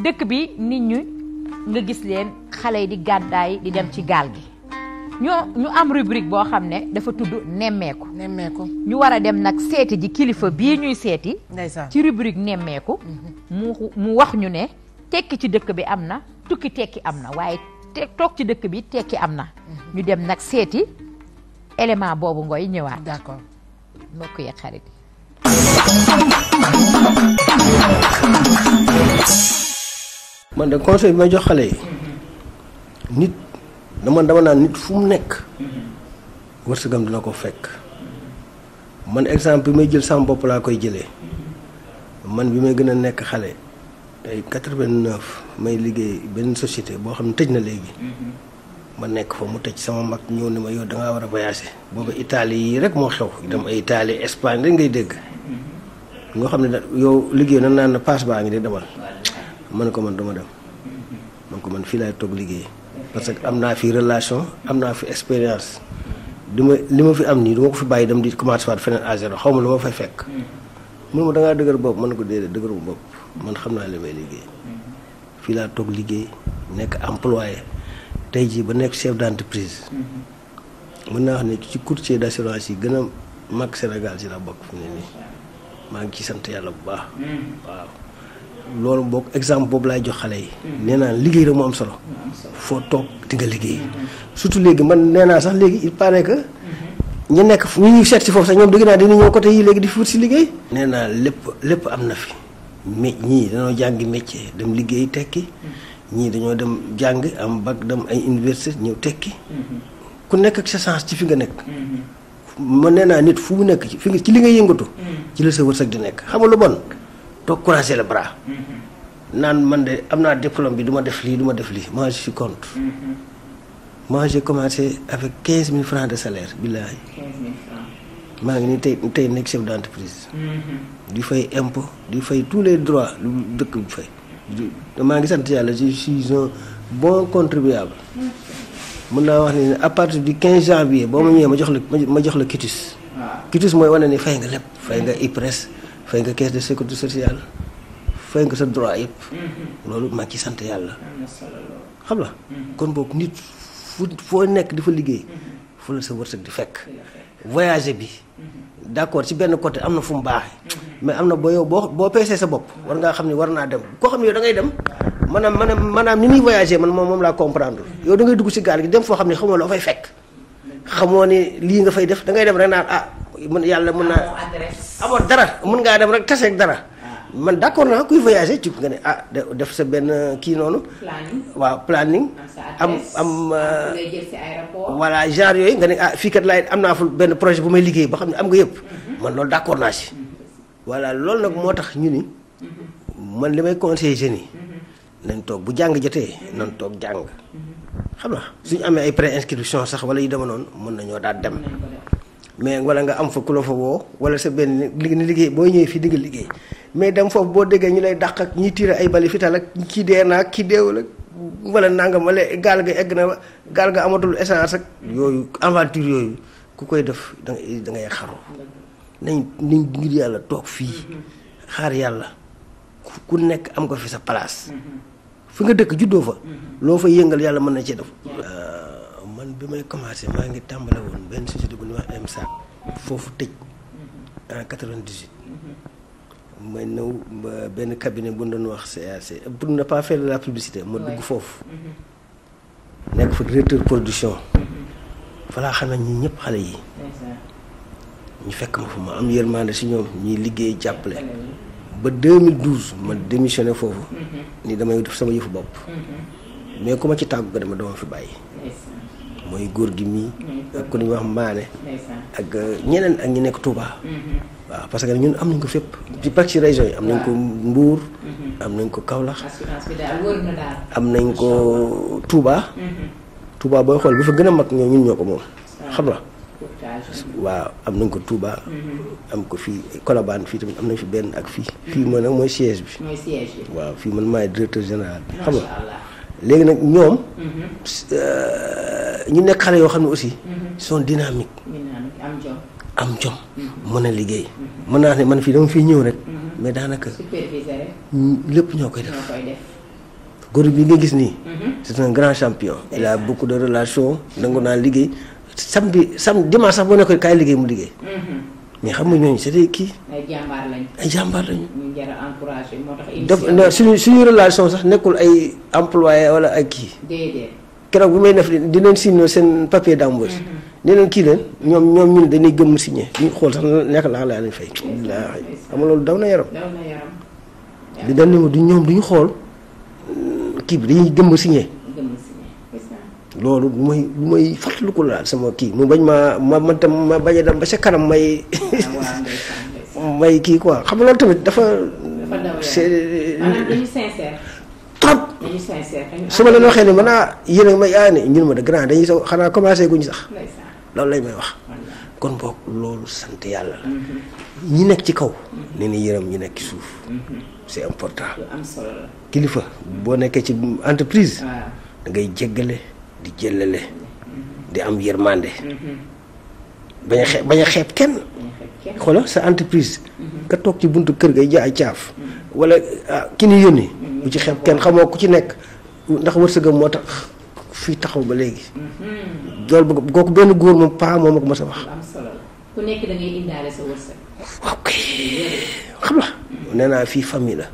dëkk bi nit ñu nga gis leen xale yi di gàddaay di dem ci gaal gi ñoo ñu am rubrique boo xam ne dafa tudd nemmeeku. nemmeeku ñu war a dem nag seeti ji kilifa bii ñuy seeti. ndeysaan ci rubrique nemmeeku. Mhm. mu wax ñu ne tekki ci dëkk bi am na tukki tekki am na waaye te toog ci dëkk bi tekki am na. Mhm. ñu dem nag seeti élément boobu ngoy ñëwaat. d'accord mbokk yi xarit. man de conseil bi may jox xale yi nit dama dama naan nit fu mu nekk wërsëgam dina ko fekk man exemple bi may jël sama bopp laa koy jëlee man bi may gën a nekk xale tey quatre-vingt-neuf may liggéey benn société boo xam ne tëj na léegi ma nekk fa mu tëj sama mag ñëw ne ma yow da war a voyager booba Italie yi rek moo xew itam ay Italie Espagne rek ngay dégg nga xam ne yow liggéey na naan na passe baa ngi de demal ma ne ko man duma dem man ko man fii laay toog liggéey parce que am naa fi relation am naa fi expérience du ma li ma fi am nii du ko fi bàyyi dem di commencé waat feneen à zéro xaw ma lu ma fay fekk mun ma da ngaa dëgër bopp man ko déedéet bu bopp man xam naa li may liggéey fii laa toog liggéey nekk employé tey jii ba nekk chef d'entreprise mën naa xam ne ci courtier d'assurance yi gën a mag Sénégal si la bokk fi ne nii maa ngi ci sant yàlla bu baax mm. loolu boog exemple boobu laay jox xale yi. nee naa liggéey la mu am solo. foo toog di nga liggéey. surtout léegi man nee sax léegi il paraît que. ñu nekk fu ñu seet si foofu sax ñoom naa dañuy ñëw côté yii si liggéey. nee naa lépp lépp am na fi mais ñii dañoo jàngi métier dem liggéey tekki. ñii dañoo dem jàng am bac dem ay université ñëw tekki. ku nekk ak sa chance ci fi nga nekk. Mm-hmm. ma nee naa nit fu mu nekk ci fi ci li nga yëngatu. Mm-hmm. ci la sa wërsëg di nekk xam lu bon. toog croiser le bras. Mm-hmm. naan man de am naa diplôme bi du def lii du ma def lii moi je suis contre. Mm-hmm. moi avec quinze mille francs de salaire billaahi. maa ngi ni tey tey nekk chef d'entreprise. Mm-hmm. di fay impôt di fay tous les droits lu dëkk bu fay. maa ngi sant yàlla je suis un bon contribuable. mën naa wax ne à du janvier boo ma ñëwee ma jox la ma jox la quitus. waaw ah. quitus mooy wane ni fay nga lépp fay nga IPRES. fay nga caisse de sécurité sociale fay nga sa droit yëpp. Mm-hmm. loolu maa ngi ci sant yàlla. xam la mm-hmm. kon boog nit fu foo nekk di fa liggéey. Mm-hmm. fu la sa wërsëg di fekk. voyager bi. d' accord ci benn côté am na fu mu baaxee. mais am na boo yow boo boo peesee sa bopp war ngaa xam ne war naa dem koo xam ne yow da ngay dem. maanaam maanaam maanaam ni muy voyager man moom moom laa comprendre yow da ngay dugg ci gaal gi dem foo xam ne xamoo loo fay fekk. xamoo ne lii nga fay def da dem rek naan ah, mën yàlla mën naa. amoo dara mën ngaa dem rek taseeg dara. Ah. man d' accord naa kuy voyager ci nga ne ah def sa benn kii noonu. planning waaw planning. am am euh, voilà genre yooyu nga ne ah fii kat laay am naa fa benn projet bu may liggéey ba xam ne am nga yëpp. Mhm. man loolu d' naa si. voilà loolu nag moo tax ñu ni. Mhm. man li may conseiller jeunes yi. Mhm. nañ toog bu jàng jotee nañ toog jàng. xam na suñu amee ay pré inscription sax wala yu dema noonu mën nañoo daal dem mais wala nga am fa ku la fa woo wala sa benn liggéey boo ñëwee fii di liggéey mais dem foofu boo déggee ñu lay dàq ak ñi tiire ay bali fital ak kii dee naa kii deewul ak wala nangam wala gaal ga egg na gaal ga amatul essence ak yooyu aventure yooyu ku koy def da ngay da ngay xaru nañ nañ ngir yàlla toog fii xaar yàlla ku nekk am ko fi sa place. Mm-hmm. fi nga dëkk juddoo fa. Mm-hmm. loo fa yëngal yàlla mën na ci def. Euh, man bi may commencé maa ngi tàmbale woon benn société bu ñuy wax MSAC foofu tëj en 98 ma ñëw benn cabinet bu ñu doon wax CAC pour ne pas de la publicité ma dugg foofu mhm. nekk fa directeur production falaa xam ne ñi ñëpp xale yi ñu fekk ma fa ma am yërmande si ñoom ñuy liggéey jàppale ba 2012 ma démissionné foofu mhm. ni damay def sama yëfu bopp mhm. mais ku ma ci tàggu ko dama doon fi bàyyi mooy góor gi mii. Mm-hmm. ak ku ñuy wax Maane. ak euh, ñeneen ak ñu nekk Touba. Mm-hmm. waaw parce que ñun am nañ ko fépp. ci pàcc ci région yi am nañ ko Mbour. Mm-hmm. am nañ ko Kaolack. am nañ ko Touba. Touba booy xool bu fa gën a mag ñoo ñun ñoo ko moom. xam nga waaw am nañ ko Touba. am ko fii Colobane fii tamit am nañ fi benn ak fii. fii mooy nag mooy siège bi. mooy waaw fii man maay directeur général bi. xam nga léegi nag ñoom. Euh, ñu nekk xale yoo xam ne aussi. Mhm. sont dynamiques. am jom. Mhm. mën a liggéey. Mhm. mën naa ne man fii dama fiy ñëw rek. mais daanaka. superviseur lépp ñoo koy def. ñoo koy def. góor bi nga gis nii. c'est a de relations nangu mu liggéey. mais xam nga ñooñu c'était kii. ay a encourager suñu relation sax nekkul ay employé wala ay kii. keroog bi may def di leen signé seen papier d'embauche mhm. ne leen kii leen ñoom ñoom ñun dañuy gëm signé ñu xool sax nekk laa laa leen fay mhm. billaahi xam loolu daw na yaram di dañ ne du ñoom du xool mm, kii bi dañuy gëmm signé loolu lu may lu may fàttaliku laal sama kii mu bañ ma ma man ma bañ a ba sa kanam ah, may kii quoi xam nga loolu tamit dafa c'est su ma leen waxee ne mën naa ah yéen a may aane ah ñun ma de grand dañuy sax xanaa commencé guñ sax loolu lañ may wax kon boog loolu sant yàlla la mm-hmm. ñi nekk ci kaw mm-hmm. ne ni yërëm ñi nekk ci suuf mm-hmm. c'est important kilifa boo nekkee ci entreprise da ngay jéggale di jëllale di am yërmande bañ a xeeb bañ xeeb kenn xoolal sa entreprise nga toog ci buntu kër ga jaay caaf wala ah, ki ni yónni bu ci xeeb kenn xamoo ku ci nekk ndax wërsëgam moo tax fii taxaw ba léegi loolu bëgg kooku benn góor moom paa moom ak ma wax ku nekk da naa fii famille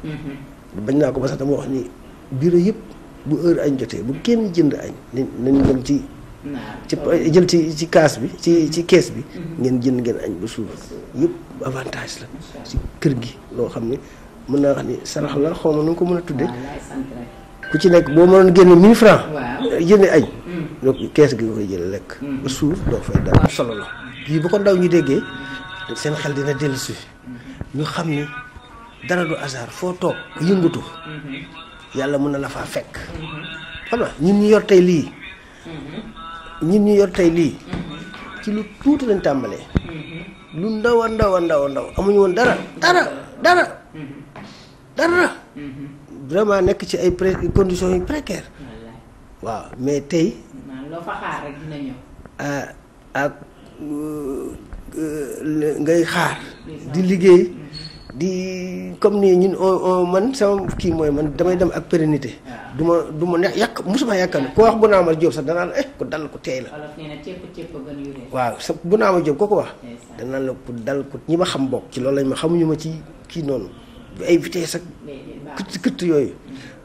la naa ko ba sax dama wax ni bureau yëpp bu heure añ jotee bu kenn jënd añ nañ dem ci ci jël ci ci kaas bi ci ci kees bi. Mm-hmm. ngeen jën ngeen añ ba suuf yëpp avantage la ci kër gi loo xam ne mën naa wax ni sarax la xaw ma nu ko mën a tudde ku ci nekk boo mënoon génne 1000 francs jëndi añ. Mm. donc kees gi nga koy jël lekk. Mm. ba suuf doo fay dara solo la. yii bu ko ndaw ñu déggee seen xel dina dellusi mm-hmm. ñu xam ni dara du hasard foo toog yëngatu. Mm-hmm. yàlla mën na la faa fekk. xam nga ñun yor tey lii. ñun ñu yor tey lii ci lu tuuti lañ tàmbalee lu ndaw a ndaw a amuñu woon dara dara dara dara vraiment nekk ci ay pré conditions yu précaires waaw mais tey ak euh, euh, ngay xaar di liggéey di comme ni ñun on oh, oh, man sama kii mooy man damay dem ak pérennité. Ah. du ma du ma ne yàq mosuma yàqal ko wax bu naa ma Diop sax danaan eh ku dal ku teey la. waaw sa bu naa ma Diop kooku wax. la ku dal ku ñi ma xam bokk ci loolu lañ ma xamuñu ma ci kii noonu ay vitesse sa këtt këtt yooyu.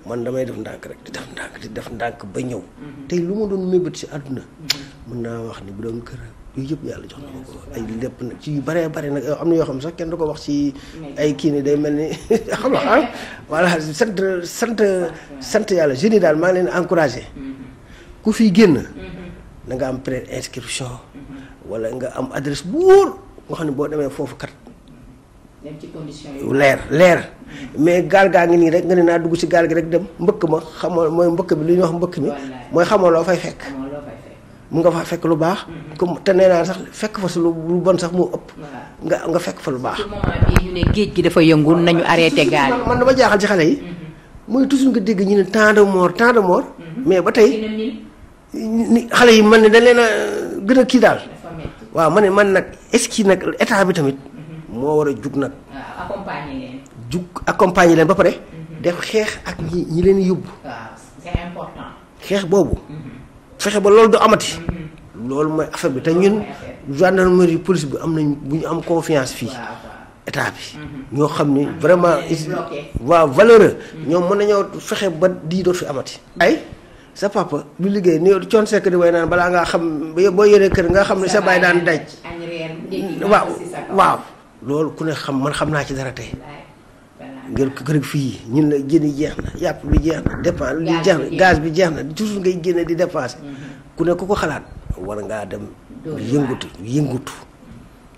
man damay def ndànk rek di def ndànk di def ndànk ba ñëw. Mm-hmm. tey lu ma doon mébét si àdduna. mën mm-hmm. naa wax ni bu doon kër. yooyu yëpp yàlla jox na ma ko ay lépp nag yu bëree bëri nag yoo xam sax kenn du ko wax ci ay kii ni day mel ni xam nga ah voilà sant sant sant yàlla jeunes yi daal maa ngi leen encouragé ku fiy génn na nga am pré-inscription wala nga am adresse bu wóor nga xam ne boo demee foofu kat dem ci yi leer leer mais gaal gaa ngi nii rek nga ne naa dugg ci gaal gi rek dem mbëkk ma xamoo mooy mbëkk bi lu ñuy wax mbëkk mi mooy xamoo loo fay fekk mu nga fa fekk lu baax. Mhm. comme te nee sax fekk fa su lu bon sax moo ëpp. nga nga fekk fa lu baax. moment bii géej gi dafa yëngu nañu arrêté gaal man dama jaaxal ci xale yi. Mhm. mooy toujours nga dégg ñu ne temps de mort temps mhm. mais ba tey ni xale yi man ne dañ leen a gën a kii daal. waaw ma ne man nag est-ce que nag état bi tamit. moo war a jug nag. accompagner leen. jug accompagner leen ba pare. def xeex ak ñi ñi leen yóbbu. waaw xeex boobu. fexe ba loolu du amati loolu mooy affaire bi te ñun gendarmerie police bi am nañ bu ñu am confiance fii état bi. Mhm. ñoo xam ni ah, vraiment. waaw valeureux. Mhm. ñoom mën nañoo fexe ba dii doo fi amati. ay sa papa bu liggéey ni coon sekk di way naan balaa ngaa xam boo yoree kër nga xam ne sa baay daan daj. waaw waaw loolu ku ne xam man xam naa ci dara tey. ngeen ko kër fii ñun la jën yi jeex na yàpp bi jeex na dépense li bi jeex na toujours ngay génne di dépenser. Mm-hmm. ku ne ku ko xalaat war ngaa dem yëngutu yëngutu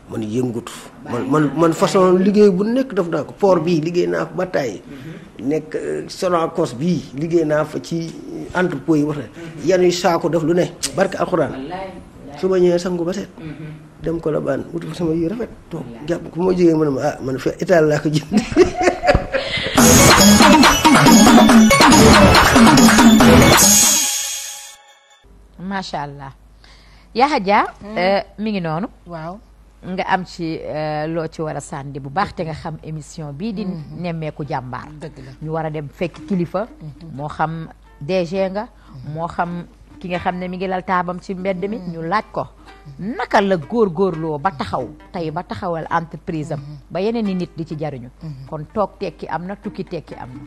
man yëngutu man man man façon liggéey bu nekk def naa ko port bii liggéey naa fa ba tàyyi mm-hmm. nekk euh, Sonacos bii liggéey naa fa ci entrepôt yi wax ne mm-hmm. yan yu def lu ne barke alxuraan su ma ñëwee sangu ba set dem ko la baan wutu fa sama yu rafet toog jàpp ku ma jógee mu ma ah man fi état laa ko jënd macha allah Yaxa Dia hmm. euh, mi ngi noonu waaw nga am ci euh, loo ci war a sànni bu baax te nga xam émission bii di hmm. nemmeeku jàmbaar ñu war a dem fekk kilifa hmm. moo xam DG nga moo xam ki nga xam ne mi ngi lal taabam ci mbedd mi ñu laaj ko naka la góor góorloo ba taxaw tey ba taxawal entreprise am mm-hmm. ba yeneen i nit di ci jariñu mm-hmm. kon toog tekki am na tukki tekki am na